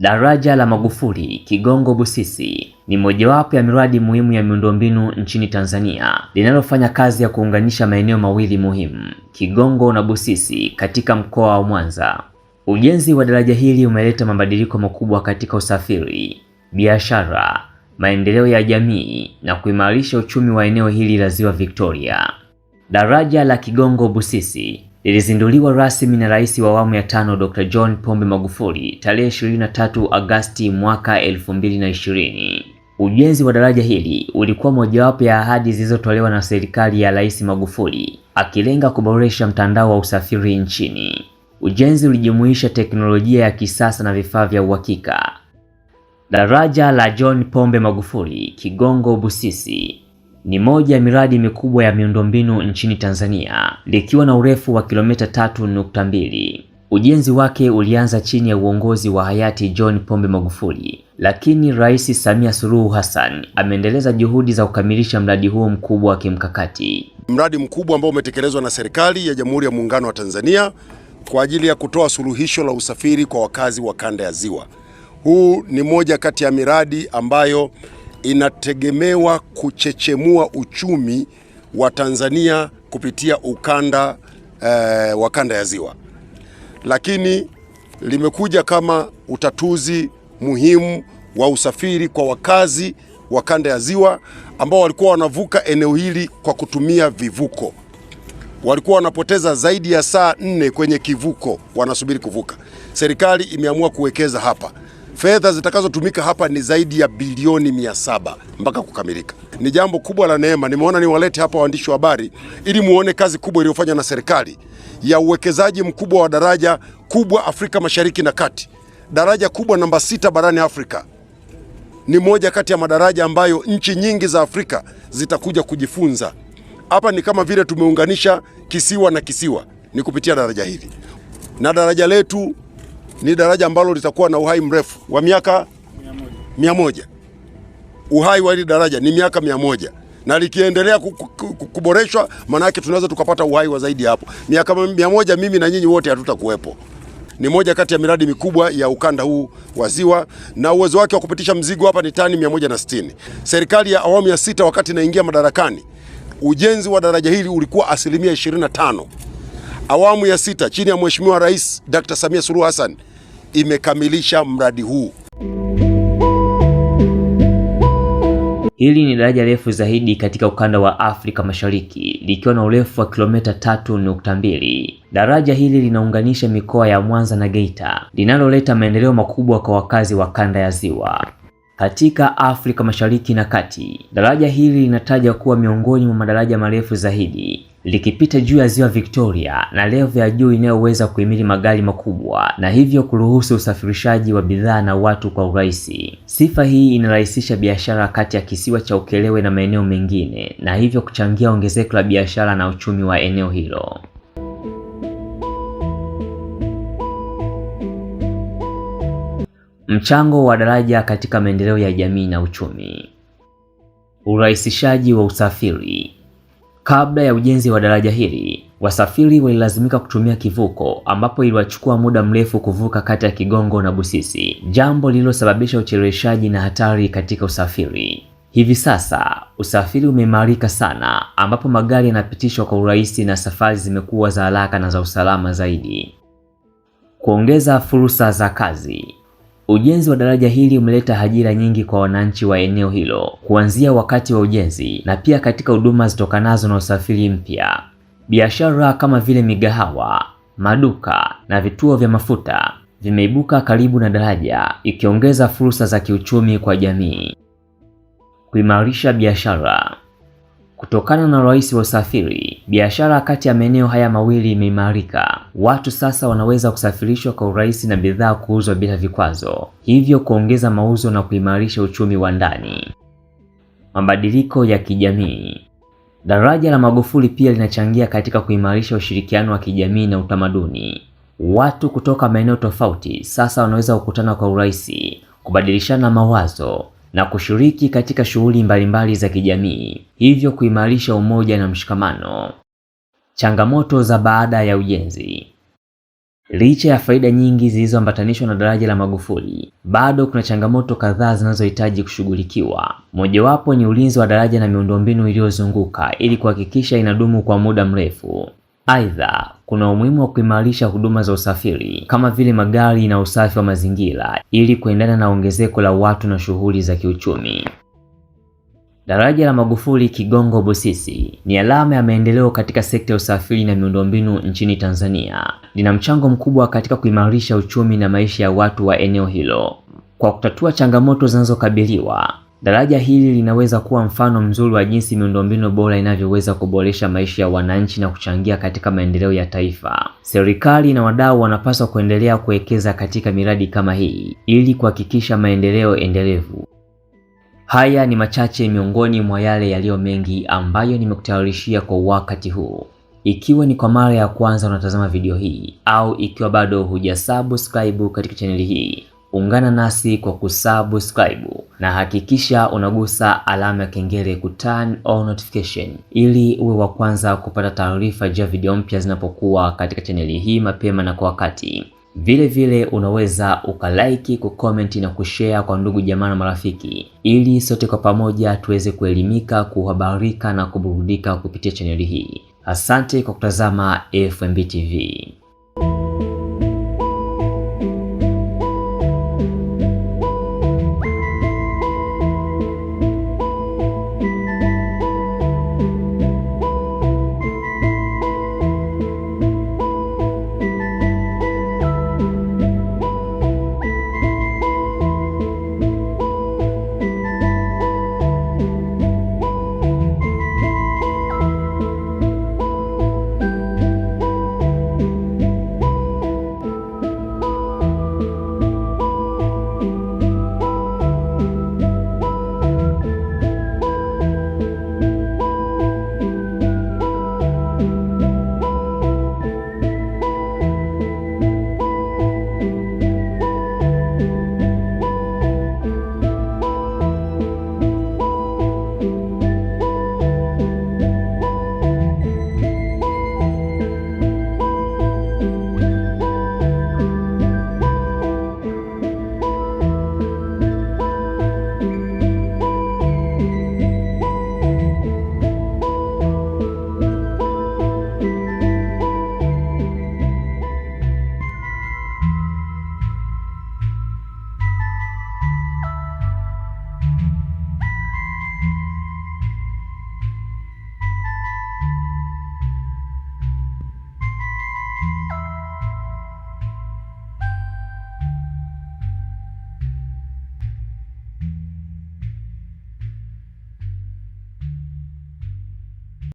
Daraja la Magufuli Kigongo Busisi ni mojawapo ya miradi muhimu ya miundombinu nchini Tanzania linalofanya kazi ya kuunganisha maeneo mawili muhimu, Kigongo na Busisi katika mkoa wa Mwanza. Ujenzi wa daraja hili umeleta mabadiliko makubwa katika usafiri, biashara, maendeleo ya jamii na kuimarisha uchumi wa eneo hili la Ziwa Victoria. Daraja la Kigongo Busisi lilizinduliwa rasmi na Rais wa awamu ya tano Dr. John Pombe Magufuli tarehe 23 Agasti mwaka 2020. Ujenzi wa daraja hili ulikuwa mojawapo ya ahadi zilizotolewa na serikali ya Rais Magufuli, akilenga kuboresha mtandao wa usafiri nchini. Ujenzi ulijumuisha teknolojia ya kisasa na vifaa vya uhakika. Daraja la John Pombe Magufuli Kigongo Busisi ni moja ya miradi mikubwa ya miundombinu nchini Tanzania likiwa na urefu wa kilomita 3.2. Ujenzi wake ulianza chini ya uongozi wa hayati John Pombe Magufuli, lakini Rais Samia Suluhu Hassan ameendeleza juhudi za kukamilisha mradi huo mkubwa wa kimkakati. Mradi mkubwa ambao umetekelezwa na serikali ya Jamhuri ya Muungano wa Tanzania kwa ajili ya kutoa suluhisho la usafiri kwa wakazi wa kanda ya Ziwa. Huu ni moja kati ya miradi ambayo inategemewa kuchechemua uchumi wa Tanzania kupitia ukanda eh, wa kanda ya Ziwa, lakini limekuja kama utatuzi muhimu wa usafiri kwa wakazi wa kanda ya Ziwa ambao walikuwa wanavuka eneo hili kwa kutumia vivuko. Walikuwa wanapoteza zaidi ya saa nne kwenye kivuko wanasubiri kuvuka. Serikali imeamua kuwekeza hapa Fedha zitakazotumika hapa ni zaidi ya bilioni mia saba mpaka kukamilika. Ni jambo kubwa la neema. Nimeona niwalete hapa waandishi wa habari ili muone kazi kubwa iliyofanywa na serikali ya uwekezaji mkubwa wa daraja kubwa Afrika Mashariki na Kati, daraja kubwa namba sita barani Afrika. Ni moja kati ya madaraja ambayo nchi nyingi za Afrika zitakuja kujifunza. Hapa ni kama vile tumeunganisha kisiwa na kisiwa, ni kupitia daraja hili na daraja letu ni daraja ambalo litakuwa na uhai mrefu wa miaka mia moja. Uhai wa hili daraja ni miaka mia moja na likiendelea kuboreshwa, maana tunaweza tukapata uhai wa zaidi hapo miaka mia moja. Mimi na nyinyi wote hatutakuwepo. Ni moja kati ya miradi mikubwa ya ukanda huu wa Ziwa na uwezo wake wa kupitisha mzigo hapa ni tani 160. Serikali ya awamu ya sita wakati inaingia madarakani, ujenzi wa daraja hili ulikuwa asilimia 25 awamu ya sita chini ya Mheshimiwa Rais Dr. Samia Suluhu Hassan imekamilisha mradi huu. Hili ni daraja refu zaidi katika ukanda wa Afrika Mashariki likiwa na urefu wa kilomita tatu nukta mbili. Daraja hili linaunganisha mikoa ya Mwanza na Geita, linaloleta maendeleo makubwa kwa wakazi wa kanda ya Ziwa. Katika Afrika Mashariki na Kati, daraja hili linataja kuwa miongoni mwa madaraja marefu zaidi likipita juu ya ziwa Victoria na levo ya juu inayoweza kuhimili magari makubwa na hivyo kuruhusu usafirishaji wa bidhaa na watu kwa urahisi. Sifa hii inarahisisha biashara kati ya kisiwa cha Ukerewe na maeneo mengine na hivyo kuchangia ongezeko la biashara na uchumi wa eneo hilo. Mchango wa daraja katika maendeleo ya jamii na uchumi. Urahisishaji wa usafiri. Kabla ya ujenzi wa daraja hili, wasafiri walilazimika kutumia kivuko ambapo iliwachukua muda mrefu kuvuka kati ya Kigongo na Busisi, jambo lililosababisha ucheleweshaji na hatari katika usafiri. Hivi sasa usafiri umeimarika sana, ambapo magari yanapitishwa kwa urahisi na safari zimekuwa za haraka na za usalama zaidi. Kuongeza fursa za kazi. Ujenzi wa daraja hili umeleta ajira nyingi kwa wananchi wa eneo hilo kuanzia wakati wa ujenzi na pia katika huduma zitokanazo na usafiri mpya. Biashara kama vile migahawa, maduka na vituo vya mafuta vimeibuka karibu na daraja, ikiongeza fursa za kiuchumi kwa jamii. Kuimarisha biashara. Kutokana na urahisi wa usafiri, biashara kati ya maeneo haya mawili imeimarika watu sasa wanaweza kusafirishwa kwa urahisi na bidhaa kuuzwa bila vikwazo, hivyo kuongeza mauzo na kuimarisha uchumi wa ndani. Mabadiliko ya kijamii. Daraja la Magufuli pia linachangia katika kuimarisha ushirikiano wa kijamii na utamaduni. Watu kutoka maeneo tofauti sasa wanaweza kukutana kwa urahisi, kubadilishana mawazo na kushiriki katika shughuli mbalimbali za kijamii, hivyo kuimarisha umoja na mshikamano. Changamoto za baada ya ujenzi. Licha ya faida nyingi zilizoambatanishwa na daraja la Magufuli, bado kuna changamoto kadhaa zinazohitaji kushughulikiwa. Mojawapo ni ulinzi wa daraja na miundombinu iliyozunguka ili kuhakikisha inadumu kwa muda mrefu. Aidha, kuna umuhimu wa kuimarisha huduma za usafiri kama vile magari na usafi wa mazingira ili kuendana na ongezeko la watu na shughuli za kiuchumi. Daraja la Magufuli Kigongo Busisi ni alama ya maendeleo katika sekta ya usafiri na miundombinu nchini Tanzania. Lina mchango mkubwa katika kuimarisha uchumi na maisha ya watu wa eneo hilo. Kwa kutatua changamoto zinazokabiliwa, daraja hili linaweza kuwa mfano mzuri wa jinsi miundombinu bora inavyoweza kuboresha maisha ya wananchi na kuchangia katika maendeleo ya taifa. Serikali na wadau wanapaswa kuendelea kuwekeza katika miradi kama hii ili kuhakikisha maendeleo endelevu. Haya ni machache miongoni mwa yale yaliyo mengi ambayo nimekutayarishia kwa wakati huu. Ikiwa ni kwa mara ya kwanza unatazama video hii au ikiwa bado hujasubscribe katika chaneli hii, ungana nasi kwa kusubscribe na hakikisha unagusa alama ya kengele ku turn on notification ili uwe wa kwanza kupata taarifa juu ya video mpya zinapokuwa katika chaneli hii mapema na kwa wakati. Vile vile unaweza ukalaiki, kukomenti na kushare kwa ndugu jamaa na marafiki, ili sote kwa pamoja tuweze kuelimika, kuhabarika na kuburudika kupitia chaneli hii. Asante kwa kutazama FMB TV.